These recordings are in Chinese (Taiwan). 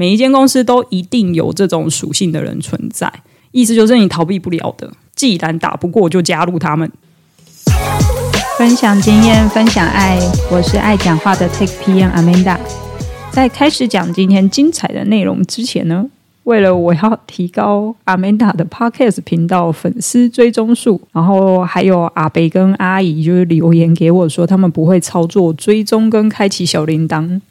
每一間公司都一定有這種屬性的人存在，意思就是你逃避不了的。既然打不過，就加入他們。分享經驗，分享愛，我是愛講話的 TechPM Amanda。在開始講今天精彩的內容之前呢，為了我要提高 Amanda 的 Podcast 頻道粉絲追蹤數，然後還有阿北跟阿姨就是留言給我說他們不會操作追蹤跟開啟小鈴鐺。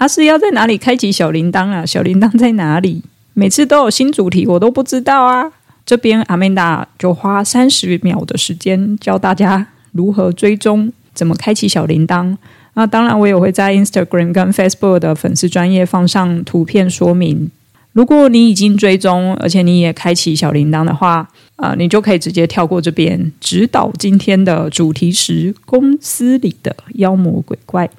啊，是要在哪裡開啟小鈴鐺啊？小鈴鐺在哪裡？每次都有新主題，我都不知道啊。這邊阿曼達就花三十秒的時間教大家如何追蹤，怎麼開啟小鈴鐺。那當然，我也會在 Instagram 跟 Facebook 的粉絲專頁放上圖片說明。如果你已經追蹤，而且你也開啟小鈴鐺的話，呃，你就可以直接跳過這邊。指導今天的主題是公司裡的妖魔鬼怪。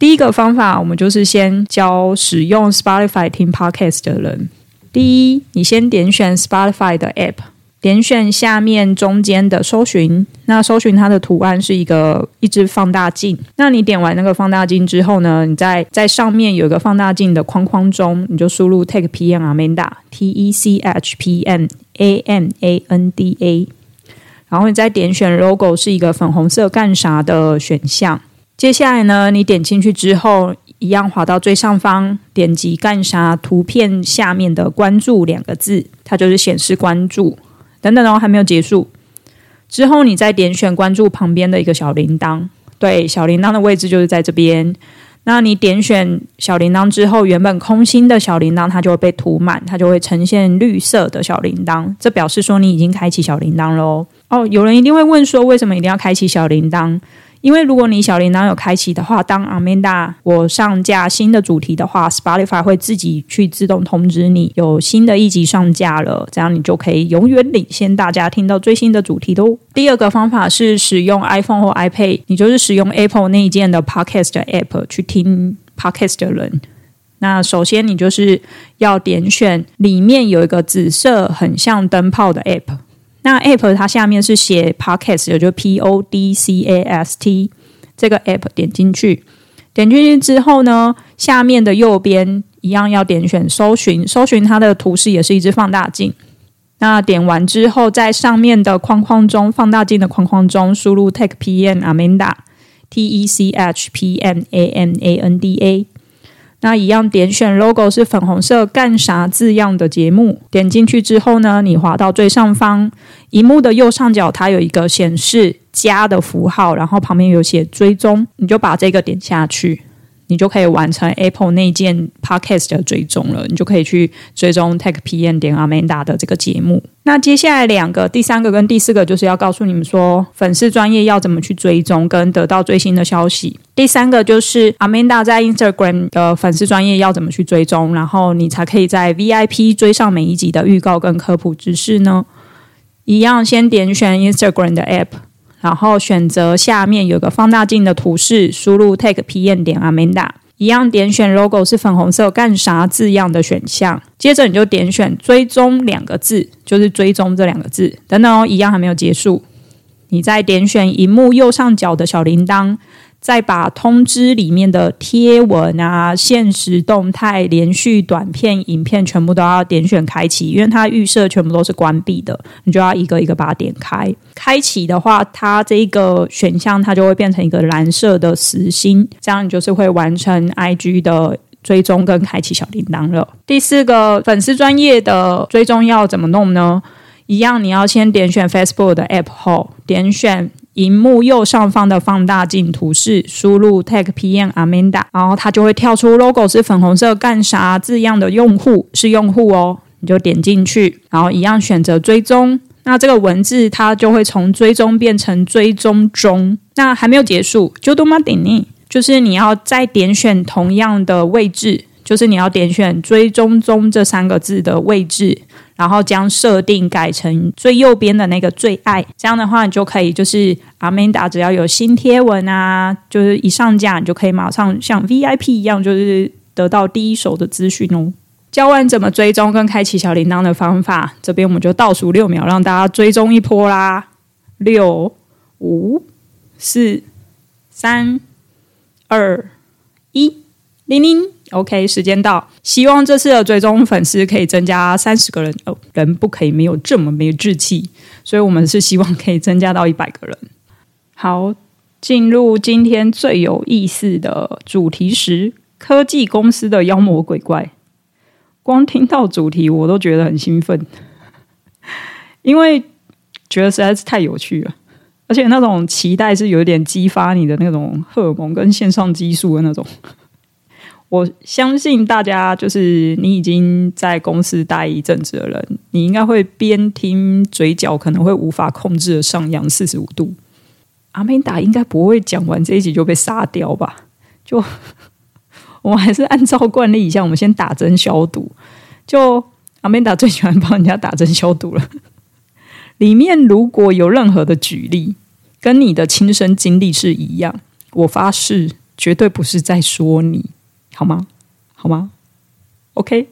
第一個方法，我們就是先教使用 Spotify 聽 Podcast 的人。第一，你先點選 Spotify 的 App，點選下面中間的搜尋，那搜尋它的圖案是一個一支放大鏡。那你點完那個放大鏡之後呢，你再在上面有一個放大鏡的框框中，你就輸入 Tech PM Amanda T E C H P M A M A N D A，然後你再點選 Logo，是一個粉紅色幹啥的選項。接下來呢，你點進去之後，一樣滑到最上方，點擊幹啥圖片下面的關注兩個字，它就是顯示關注。等等哦，還沒有結束。之後，你再點選關注旁邊的一個小鈴鐺。對，小鈴鐺的位置就是在這邊。那你點選小鈴鐺之後，原本空心的小鈴鐺它就會被塗滿，它就會呈現綠色的小鈴鐺。這表示說你已經開啟小鈴鐺嘍。哦，有人一定會問說，為什麼一定要開啟小鈴鐺？因為如果你小鈴鐺有開啟的話，當 Amanda 我上架新的主題的話，Spotify 會自己去自動通知你有新的一集上架了，這樣你就可以永遠領先大家聽到最新的主題嘍。第二個方法是使用 iPhone 或 iPad，你就是使用 Apple 內建的 Podcast App 去聽 Podcast 的人。那首先你就是要點選裡面有一個紫色很像燈泡的 App。那 App 它下面是寫 Podcast，也就 P O D C A S T 這個 App 點進去，點進去之後呢，下面的右邊一樣要點選搜尋，搜尋它的圖示也是一隻放大鏡。那點完之後，在上面的框框中，放大鏡的框框中輸入 Tech P M Amanda T E C H P M A M A N D A。M A N D A, 那一樣點選 logo 是粉紅色幹啥字樣的節目，點進去之後呢，你滑到最上方，螢幕的右上角它有一個顯示加的符號，然後旁邊有寫追蹤，你就把這個點下去。你就可以完成 Apple 內建 Podcast 的追蹤了，你就可以去追蹤 TechPM 點 Amanda 的這個節目。那接下來兩個，第三個跟第四個就是要告訴你們說，粉絲專頁要怎麼去追蹤跟得到最新的消息。第三個就是 Amanda 在 Instagram 的粉絲專頁要怎麼去追蹤，然後你才可以在 VIP 追上每一集的預告跟科普知識呢，一樣，先點選 Instagram 的 App。然後選擇下面有個放大鏡的圖示，輸入 tech PM 點 amanda，一樣點選 logo 是粉紅色幹啥字樣的選項，接着你就點選追蹤兩個字，就是追蹤這兩個字。等等哦，一樣還沒有結束，你再點選螢幕右上角的小鈴鐺。再把通知裡面的貼文啊、限時動態、連續短片、影片，全部都要點選開啟，因為它預設全部都是關閉的，你就要一個一個把它點開。開啟的話，它這個選項它就會變成一個藍色的實心，這樣你就是會完成 IG 的追蹤跟開啟小鈴鐺了。第四個粉絲專頁的追蹤要怎麼弄呢？一樣，你要先點選 Facebook 的 App 後，點選。螢幕右上方的放大鏡圖示，輸入 techpm.amanda 然後它就會跳出 logo 是粉紅色幹啥字樣的用戶，是用戶哦，你就點進去，然後一樣選擇追蹤，那這個文字它就會從追蹤變成追蹤中。那還沒有結束，就多嗎？等你，就是你要再點選同樣的位置。就是你要點選追蹤中這三個字的位置，然後將設定改成最右邊的那個最愛。這樣的話，你就可以就是 Amanda 只要有新貼文啊，就是一上架你就可以馬上像 VIP 一樣，就是得到第一手的資訊哦。教完怎麼追蹤跟開啟小鈴鐺的方法，這邊我們就倒數六秒，讓大家追蹤一波啦！六、五、四、三、二、一，鈴鈴！OK，時間到。希望這次的追蹤粉絲可以增加三十個人哦，人不可以沒有這麼沒志氣，所以我們是希望可以增加到一百個人。好，進入今天最有意思的主題時，科技公司的妖魔鬼怪。光聽到主題我都覺得很興奮，因為覺得實在是太有趣了，而且那種期待是有點激發你的那種荷爾蒙跟腺上激素的那種。我相信大家，就是你已經在公司待一陣子的人，你應該會邊聽，嘴角可能會無法控制的上揚四十五度。Amanda 應該不會講完這一集就被殺掉吧？就我們還是按照慣例一下，像我們先打針消毒。就 Amanda 最喜歡幫人家打針消毒了。裡面如果有任何的舉例跟你的親身經歷是一樣，我發誓絕對不是在說你。好嗎？好嗎？OK。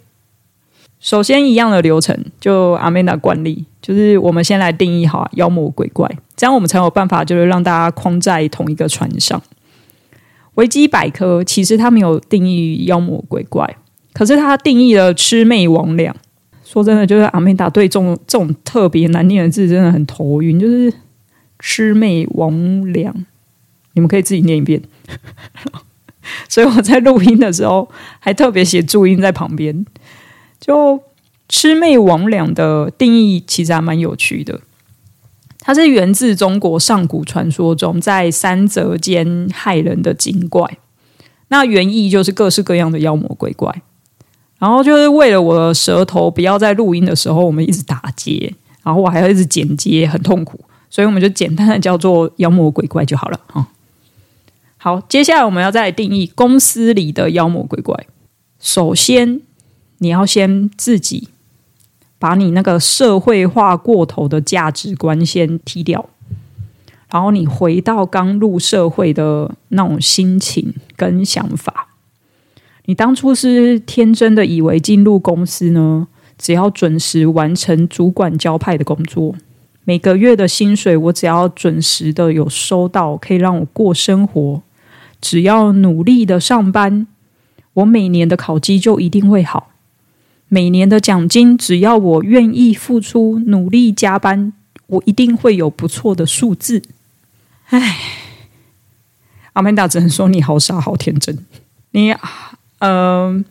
首先，一樣的流程，就阿曼達慣例，就是我們先來定義好妖魔鬼怪，這樣我們才有辦法，就是讓大家框在同一個船上。維基百科其實它沒有定義妖魔鬼怪，可是它定義了魑魅魍魎。說真的，就是阿曼達對這種這種特別難念的字真的很頭暈，就是魑魅魍魎。你們可以自己念一遍。 所以我在錄音的時候還特別寫注音在旁邊，就魑魅魍魉的定義其實還蠻有趣的，它是源自中國上古傳說中在山澤間害人的精怪，那原意就是各式各樣的妖魔鬼怪。然後就是為了我的舌頭不要在錄音的時候我們一直打結，然後我還要一直剪接，很痛苦，所以我們就簡單的叫做妖魔鬼怪就好了哈。好，接下來我們要再定義公司裡的妖魔鬼怪。首先，你要先自己把你那個社會化過頭的價值觀先踢掉，然後你回到剛入社會的那種心情跟想法。你當初是天真的以為進入公司呢，只要準時完成主管交派的工作，每個月的薪水我只要準時的有收到，可以讓我過生活。只要努力的上班，我每年的考績就一定會好。每年的獎金，只要我願意付出、努力加班，我一定會有不錯的數字。唉，阿曼達只能說你好傻、好天真。你，嗯、呃。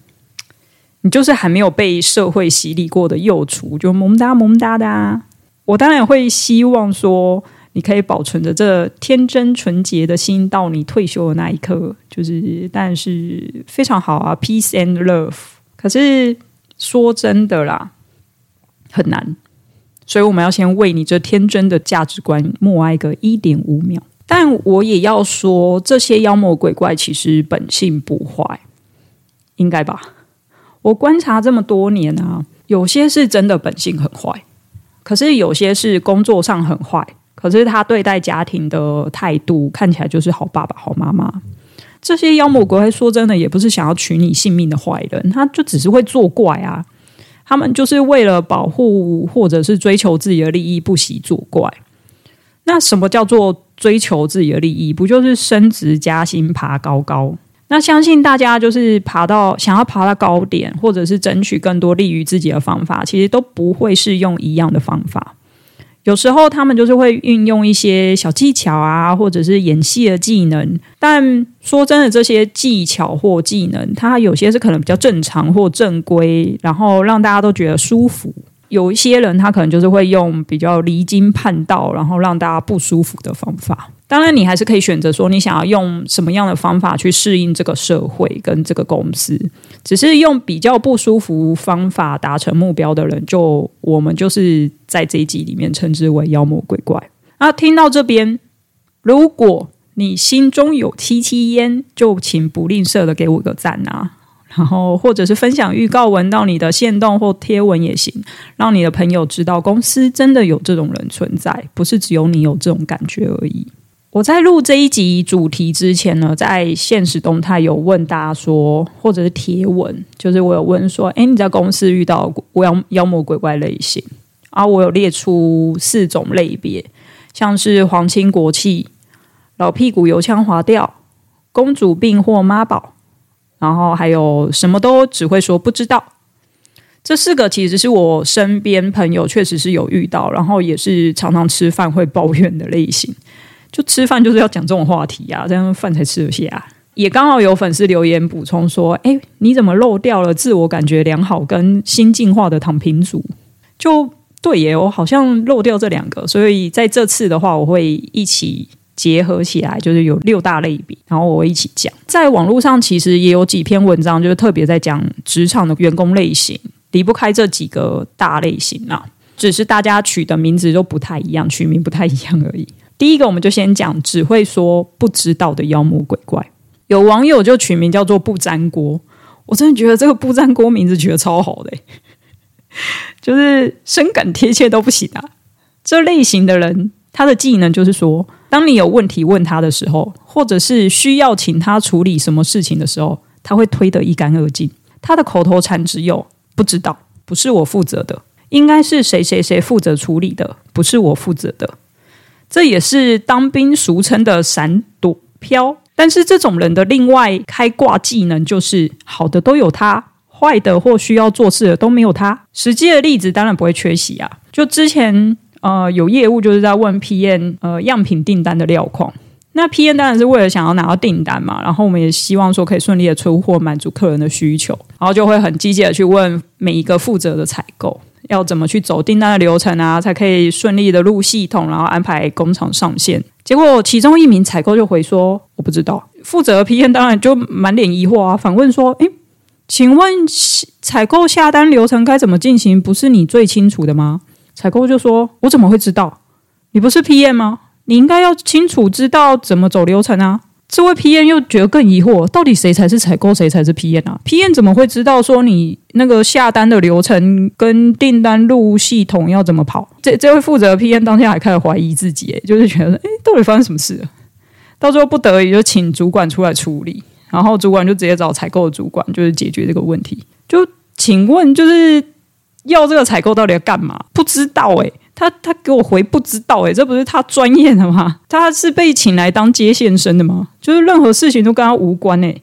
你就是還沒有被社會洗禮過的幼雛，就萌噠萌噠的。我當然會希望說。你可以保存着這天真純潔的心，到你退休的那一刻。就是，但是非常好啊，peace and love。可是說真的啦，很難。所以我們要先為你這天真的價值觀默哀個一點五秒。但我也要說，這些妖魔鬼怪其實本性不壞，應該吧？我觀察這麼多年啊，有些是真的本性很壞，可是有些是工作上很壞。可是他對待家庭的態度看起來就是好爸爸、好媽媽。這些妖魔鬼怪說真的也不是想要取你性命的壞人，他就只是會作怪啊。他們就是為了保護或者是追求自己的利益，不惜作怪。那什麼叫做追求自己的利益？不就是升職加薪、爬高高？那相信大家就是爬到，想要爬到高點，或者是爭取更多利於自己的方法，其實都不會是用一樣的方法。有時候他們就是會運用一些小技巧啊，或者是演戲的技能。但說真的，這些技巧或技能，它有些是可能比較正常或正規，然後讓大家都覺得舒服。有一些人他可能就是會用比較離經叛道，然後讓大家不舒服的方法。當然，你還是可以選擇說你想要用什麼樣的方法去適應這個社會跟這個公司。只是用比較不舒服方法達成目標的人就，就我們就是在這一集裡面稱之為妖魔鬼怪。那聽到這邊，如果你心中有戚戚焉，就請不吝嗇的給我個讚啊！然後或者是分享預告文到你的限動或貼文也行，讓你的朋友知道公司真的有這種人存在，不是只有你有這種感覺而已。我在錄這一集主題之前呢，在現實動態有問大家說，或者是貼文，就是我有問說，欸，你在公司遇到妖，妖魔鬼怪類型？然後我有列出四種類別，像是皇親國戚、老屁股油腔滑調、公主病或媽寶，然後還有什麼都只會說不知道。這四個其實是我身邊朋友確實是有遇到，然後也是常常吃飯會抱怨的類型。就吃飯就是要講這種話題啊，這樣飯才吃得下啊。也剛好有粉絲留言補充說：“哎，你怎麼漏掉了自我感覺良好跟新進化的躺平族？”就對耶，我好像漏掉這兩個，所以在這次的話，我會一起結合起來，就是有六大類比，然後我會一起講。在網絡上其實也有幾篇文章，就是特別在講職場的員工類型，離不開這幾個大類型啊，只是大家取的名字都不太一樣，取名不太一樣而已。第一個，我們就先講只會說不知道的妖魔鬼怪。有網友就取名叫做“不粘鍋”，我真的覺得這個“不粘鍋”名字取得超好的欸， 就是深感貼切都不行啊。這類型的人，他的技能就是說，當你有問題問他的時候，或者是需要請他處理什麼事情的時候，他會推得一乾二淨。他的口頭禪只有“不知道”，不是我負責的，應該是誰誰誰負責處理的，不是我負責的。這也是當兵俗稱的閃躲飄，但是這種人的另外開掛技能就是好的都有他，壞的或需要做事的都沒有他。實際的例子當然不會缺席啊，就之前呃有業務就是在問 PN 呃樣品訂單的料況，那 PN 當然是為了想要拿到訂單嘛，然後我們也希望說可以順利的出貨滿足客人的需求，然後就會很積極的去問每一個負責的採購。要怎麼去走訂單的流程啊，才可以順利的入系統，然後安排工廠上線？結果其中一名採購就回說：“我不知道。”負責 PM 當然就滿臉疑惑啊，反問說：“哎，請問採購下單流程該怎麼進行？不是你最清楚的嗎？”採購就說：“我怎麼會知道？你不是 PM 嗎？你應該要清楚知道怎麼走流程啊。”這位 PM 又覺得更疑惑，到底誰才是採購，誰才是 PM 啊？PM 怎麼會知道說你那個下單的流程跟訂單路系統要怎麼跑？這這位負責的 PM 當天還開始懷疑自己、欸，就是覺得哎、欸，到底發生什麼事了？到最後不得已就請主管出來處理，然後主管就直接找採購的主管，就是解決這個問題。就請問，就是要這個採購到底要幹嘛？不知道哎、欸。他他給我回不知道誒、欸，這不是他專業的嗎？他是被請來當接線生的嗎？就是任何事情都跟他無關誒、欸。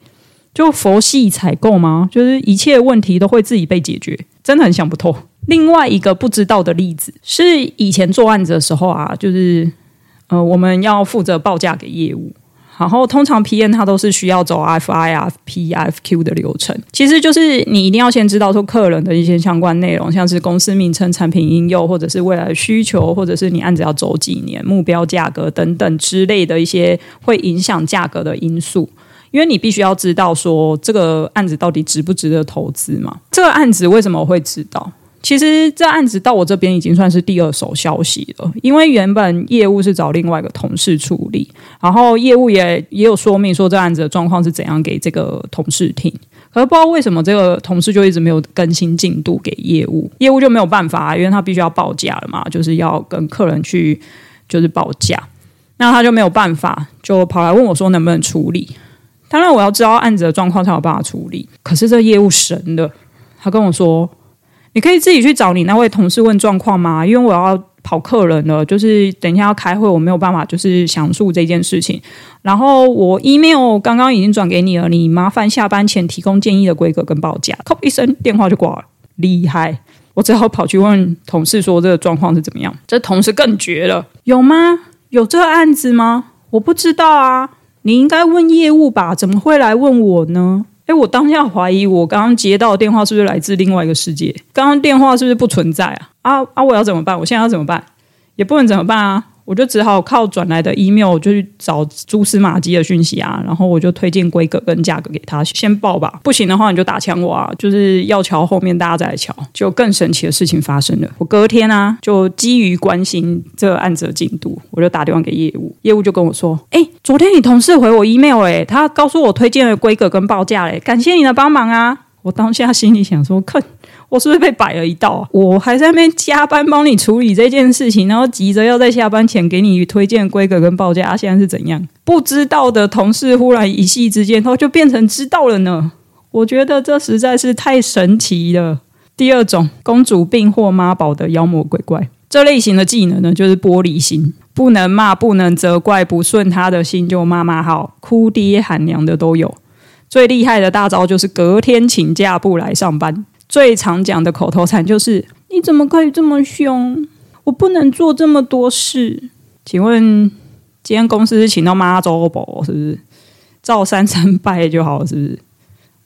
就佛系採購嗎？就是一切問題都會自己被解決，真的很想不通。另外一個不知道的例子是以前做案子的時候啊，就是呃，我們要負責報價給業務。然後通常 PN 它都是需要走 FI、FP、FQ 的流程，其實就是你一定要先知道說客人的一些相關內容，像是公司名稱、產品應用，或者是未來需求，或者是你案子要走幾年、目標價格等等之類的一些會影響價格的因素，因為你必須要知道說這個案子到底值不值得投資嘛？這個案子為什麼會知道？其實這案子到我這邊已經算是第二手消息了，因為原本業務是找另外一個同事處理，然後業務也也有說明說這案子的狀況是怎樣給這個同事聽，可是不知道為什麼這個同事就一直沒有更新進度給業務，業務就沒有辦法，因為他必須要報價了嘛，就是要跟客人去就是報價，那他就沒有辦法，就跑來問我說能不能處理，當然我要知道案子的狀況才有辦法處理，可是這業務神的，他跟我說。你可以自己去找你那位同事問狀況嗎？因為我要跑客人了，就是等一下要開會，我沒有辦法就是詳述這件事情。然後我 email 剛剛已經轉給你了，你麻煩下班前提供建議的規格跟報價。咔一聲電話就掛了，厲害！我只好跑去問同事說這個狀況是怎麼樣。這同事更絕了，有嗎？有這個案子嗎？我不知道啊。你應該問業務吧？怎麼會來問我呢？哎，我當下懷疑，我剛剛接到的電話是不是來自另外一個世界？剛剛電話是不是不存在啊？啊啊！我要怎麼辦？我現在要怎麼辦？也不能怎麼辦啊！我就只好靠轉來的 email 就去找蛛絲馬跡的訊息啊，然後我就推薦規格跟價格給他，先報吧，不行的話你就打槍我啊，就是要瞧後面大家再來瞧，就更神奇的事情發生了，我隔天啊就基於關心這案子的進度，我就打電話給業務，業務就跟我說，哎、欸，昨天你同事回我 email 哎、欸，他告訴我推薦的規格跟報價嘞、欸，感謝你的幫忙啊，我當下心裡想說，看。我是不是被擺了一道啊？我還在那邊加班幫你處理這件事情，然後急着要在下班前給你推薦規格跟報價，現在是怎樣？不知道的同事忽然一夕之間，他就變成知道了呢？我覺得這實在是太神奇了。第二種公主病或媽寶的妖魔鬼怪，這類型的技能呢，就是玻璃心，不能罵，不能責怪，不順他的心就罵罵號，哭爹喊娘的都有。最厲害的大招就是隔天請假不來上班。最常講的口頭禪就是：“你怎麼可以這麼凶？我不能做這麼多事。”請問今天公司是請到媽祖婆是不是？照三三拜就好是不是？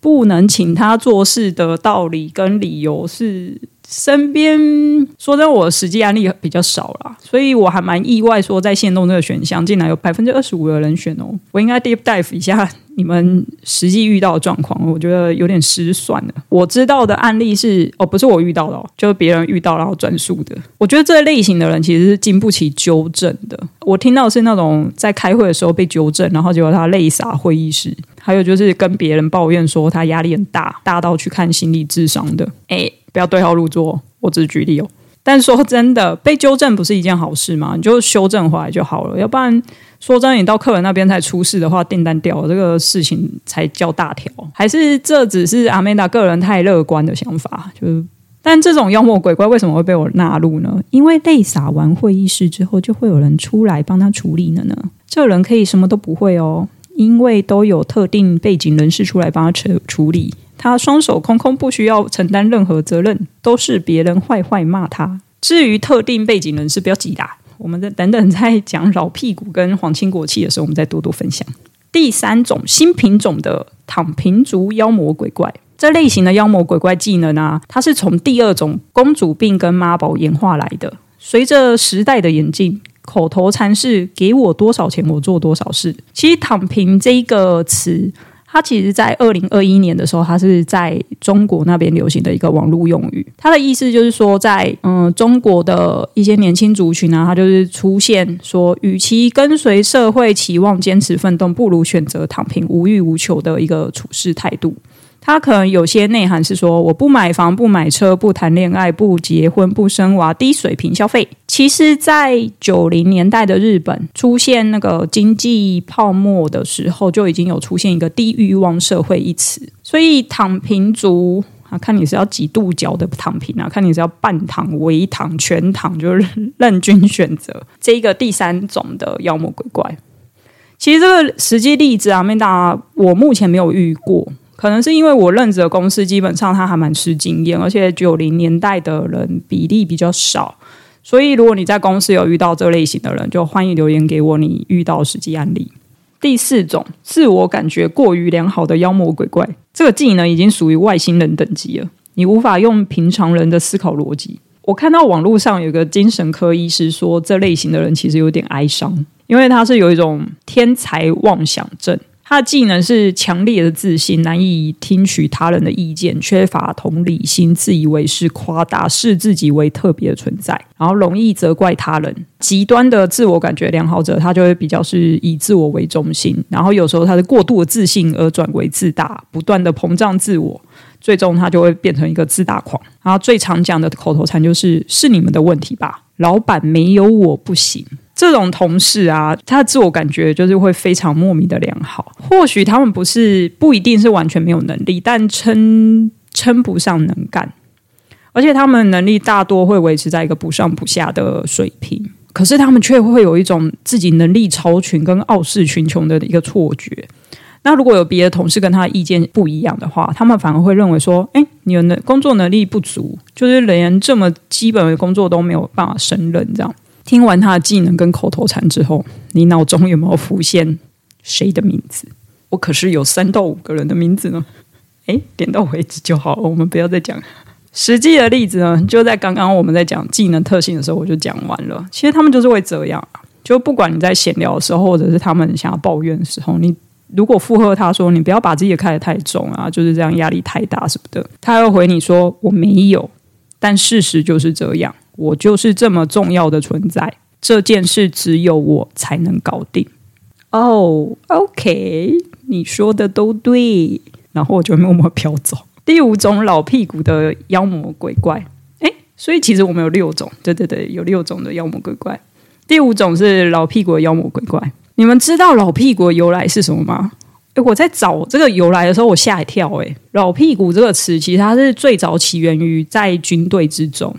不能請他做事的道理跟理由是？身邊說真的，我的實際案例比較少啦。所以我還蠻意外，說在限動這個選項，竟然有百分之二十五的人選哦。我應該 deep dive 一下你們實際遇到的狀況，我覺得有點失算了。我知道的案例是，哦，不是我遇到的哦，就是別人遇到然後轉述的。我覺得這類型的人其實是經不起糾正的。我聽到是那種在開會的時候被糾正，然後結果他淚灑會議室。還有就是跟別人抱怨說他壓力很大，大到去看心理智商的。哎，不要對號入座，我只是舉例哦。但說真的，被糾正不是一件好事嗎？你就修正回來就好了，要不然說真的，你到客人那邊才出事的話，訂單掉了這個事情才叫大條。還是這只是阿曼達個人太樂觀的想法？就是、但這種妖魔鬼怪為什麼會被我納入呢？因為淚灑完會議室之後，就會有人出來幫他處理了呢。這人可以什麼都不會哦。因為都有特定背景人士出來幫他處處理，他雙手空空，不需要承擔任何責任，都是別人壞壞罵他。至於特定背景人士，不要急啦，我們再等等，再講老屁股跟皇親國戚的時候，我們再多多分享。第三種新品種的躺平族妖魔鬼怪，這類型的妖魔鬼怪技能啊，它是從第二種公主病跟媽寶演化來的，隨着時代的演進。口頭禪是“給我多少錢，我做多少事”。其實“躺平”這一個詞，它其實，在二零二一年的時候，它是在中國那邊流行的一個網絡用語。它的意思就是說在，在嗯中國的一些年輕族群啊，它就是出現說，與其跟隨社會期望堅持奮鬥，不如選擇躺平，無欲無求的一個處事態度。他可能有些內涵是說，我不買房、不買車、不談戀愛、不結婚、不生娃，低水平消費。其實，在九零年代的日本出現那個經濟泡沫的時候，就已經有出現一個低欲望社會一詞。所以，躺平族啊，看你是要幾度角的躺平啊，看你是要半躺、微躺、全躺就，就是任君選擇。這一個第三種的妖魔鬼怪，其實這個實際例子啊，明大我目前沒有遇過。可能是因為我認識的公司基本上他還蠻吃經驗，而且九零年代的人比例比較少，所以如果你在公司有遇到這類型的人，就歡迎留言給我你遇到實際案例。第四種，自我感覺過於良好的妖魔鬼怪，這個技能已經屬於外星人等級了，你無法用平常人的思考邏輯。我看到網絡上有個精神科醫師說，這類型的人其實有點哀傷，因為他是有一種天才妄想症。他的技能是強烈的自信，難以聽取他人的意見，缺乏同理心，自以為是，誇大，視自己為特別的存在，然後容易責怪他人。極端的自我感覺良好者，他就會比較是以自我為中心，然後有時候他的過度的自信而轉為自大，不斷的膨脹自我，最終他就會變成一個自大狂。然後最常講的口頭禪就是“是你們的問題吧”。老闆沒有我不行，這種同事啊，他自我感覺就是會非常莫名的良好。或許他們不是不一定是完全沒有能力，但稱稱不上能幹，而且他們能力大多會維持在一個不上不下的水平。可是他們卻會有一種自己能力超群、跟傲視群雄的一個錯覺。那如果有別的同事跟他的意見不一樣的話，他們反而會認為說：“誒，你的工作能力不足，就是連這麼基本的工作都沒有辦法勝任。”這樣，聽完他的技能跟口頭禪之後，你腦中有沒有浮現誰的名字？我可是有三到五個人的名字呢。誒，點到為止就好了，我們不要再講實際的例子呢。就在剛剛我們在講技能特性的時候，我就講完了。其實他們就是會這樣，就不管你在閒聊的時候，或者是他們想要抱怨的時候，你。如果附和他說你不要把自己看得太重啊，就是這樣壓力太大什麼的，他又回你說我沒有，但事實就是這樣，我就是這麼重要的存在，這件事只有我才能搞定。哦，OK，你說的都對，然後我就默默飄走。第五種老屁股的妖魔鬼怪，誒，所以其實我們有六種，對對對，有六種的妖魔鬼怪。第五種是老屁股的妖魔鬼怪。你們知道“老屁股”的由來是什麼嗎？誒，我在找這個由來的時候，我嚇一跳。誒，“老屁股”這個詞其實它是最早起源於在軍隊之中，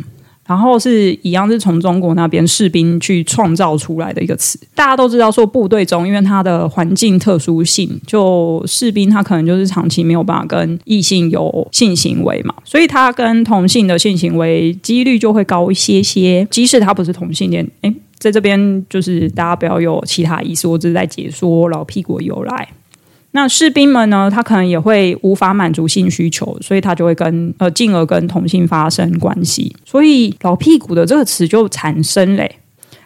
然後是一樣是從中國那邊士兵去創造出來的一個詞。大家都知道，說部隊中因為它的環境特殊性，就士兵他可能就是長期沒有辦法跟異性有性行為嘛，所以他跟同性的性行為幾率就會高一些些，即使他不是同性戀。誒在這邊，就是大家不要有其他意思，我只是在解說老屁股的由來。那士兵們呢，他可能也會無法滿足性需求，所以他就會跟呃，進而跟同性發生關係，所以“老屁股”的這個詞就產生嘞、欸。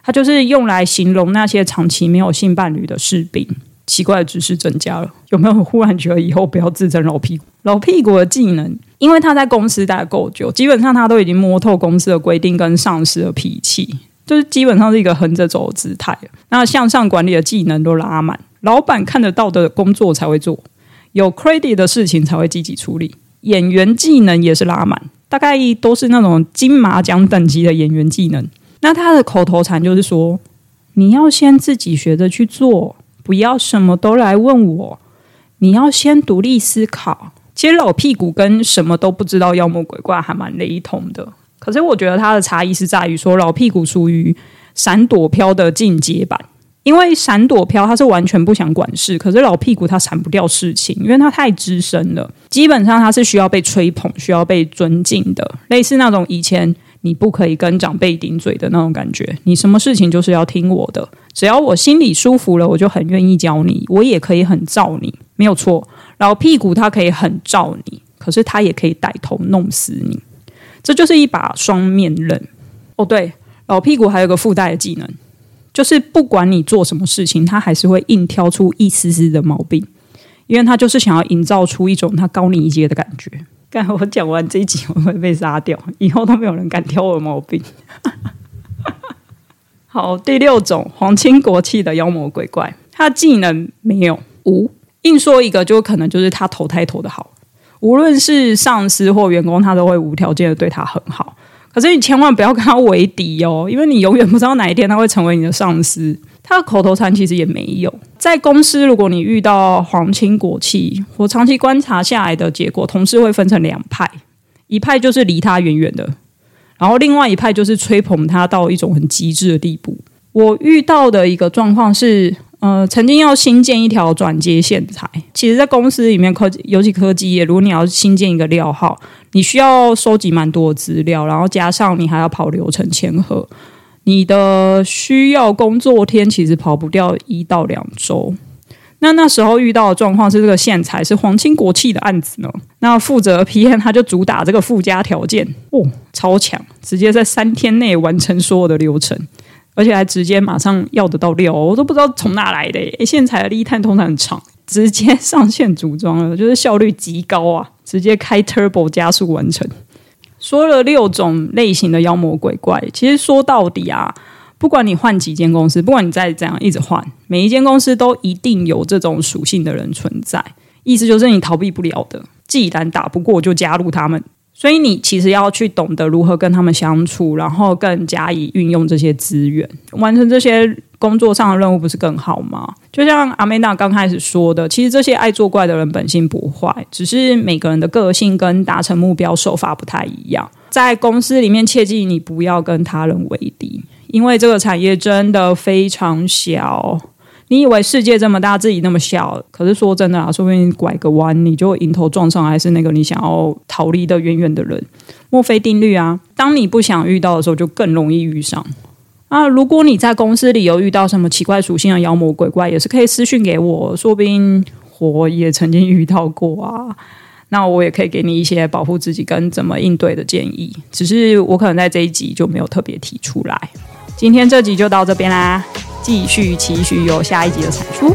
它就是用來形容那些長期沒有性伴侶的士兵。奇怪的知識增加了，有沒有忽然覺得以後不要自稱“老屁股”？老屁股的技能，因為他在公司待夠久，基本上他都已經摸透公司的規定跟上司的脾氣。就是基本上是一個橫着走的姿態，那向上管理的技能都拉滿，老闆看得到的工作才會做，有 credit 的事情才會積極處理。演員技能也是拉滿，大概都是那種金馬獎等級的演員技能。那他的口頭禪就是說：“你要先自己學着去做，不要什麼都來問我，你要先獨立思考。”其實老屁股跟什麼都不知道妖魔鬼怪還蠻雷同的。可是我覺得它的差異是在於說，老屁股屬於閃躲飄的進階版，因為閃躲飄他是完全不想管事，可是老屁股他閃不掉事情，因為他太資深了，基本上他是需要被吹捧、需要被尊敬的，類似那種以前你不可以跟長輩頂嘴的那種感覺，你什麼事情就是要聽我的，只要我心裡舒服了，我就很願意教你，我也可以很罩你，沒有錯，老屁股他可以很罩你，可是他也可以帶頭弄死你。這就是一把雙面刃哦，哦，對，老屁股還有個附帶的技能，就是不管你做什麼事情，他還是會硬挑出一絲絲的毛病，因為他就是想要營造出一種他高你一階的感覺。剛才我講完這一集我會被殺掉，以後都沒有人敢挑我的毛病。 好，第六種皇親國戚的妖魔鬼怪，他技能沒有無，硬說一個就可能就是他投胎投的好。無論是上司或員工，他都會無條件的對他很好。可是你千萬不要跟他為敵哦，因為你永遠不知道哪一天他會成為你的上司。他的口頭禪其實也沒有。在公司，如果你遇到皇親國戚，我長期觀察下來的結果，同事會分成兩派：一派就是離他遠遠的，然後另外一派就是吹捧他到一種很極致的地步。我遇到的一個狀況是。呃，曾經要新建一條轉接線材，其實，在公司裡面科，科技尤其科技業，如果你要新建一個料號，你需要收集蠻多的資料，然後加上你還要跑流程簽核。你的需要工作天其實跑不掉一到兩週。那那時候遇到的狀況是，這個線材是皇親國戚的案子呢。那負責 PN 他就主打這個附加條件，哦，超強，直接在三天內完成所有的流程。而且還直接馬上要得到料、哦，我都不知道從哪來的耶。現在的低探通常很長，直接上線組裝了，就是效率極高啊！直接開 turbo 加速完成。說了六種類型的妖魔鬼怪，其實說到底啊，不管你換幾間公司，不管你再怎樣一直換，每一間公司都一定有這種屬性的人存在。意思就是你逃避不了的，既然打不過就加入他們。所以你其實要去懂得如何跟他們相處，然後更加以運用這些資源，完成這些工作上的任務，不是更好嗎？就像 Amanda 剛開始說的，其實這些愛作怪的人本性不壞，只是每個人的個性跟達成目標手法不太一樣。在公司裡面，切記你不要跟他人為敵，因為這個產業真的非常小。你以為世界這麼大，自己那麼小，可是說真的啊，說不定你拐個彎，你就會迎頭撞上，還是那個你想要逃離的遠遠的人。莫非定律啊，當你不想遇到的時候，就更容易遇上啊。如果你在公司裡有遇到什麼奇怪屬性的妖魔鬼怪，也是可以私訊給我，說不定我也曾經遇到過啊。那我也可以給你一些保護自己跟怎麼應對的建議，只是我可能在這一集就沒有特別提出來。今天這集就到這邊啦。繼續，期許有下一集的產出。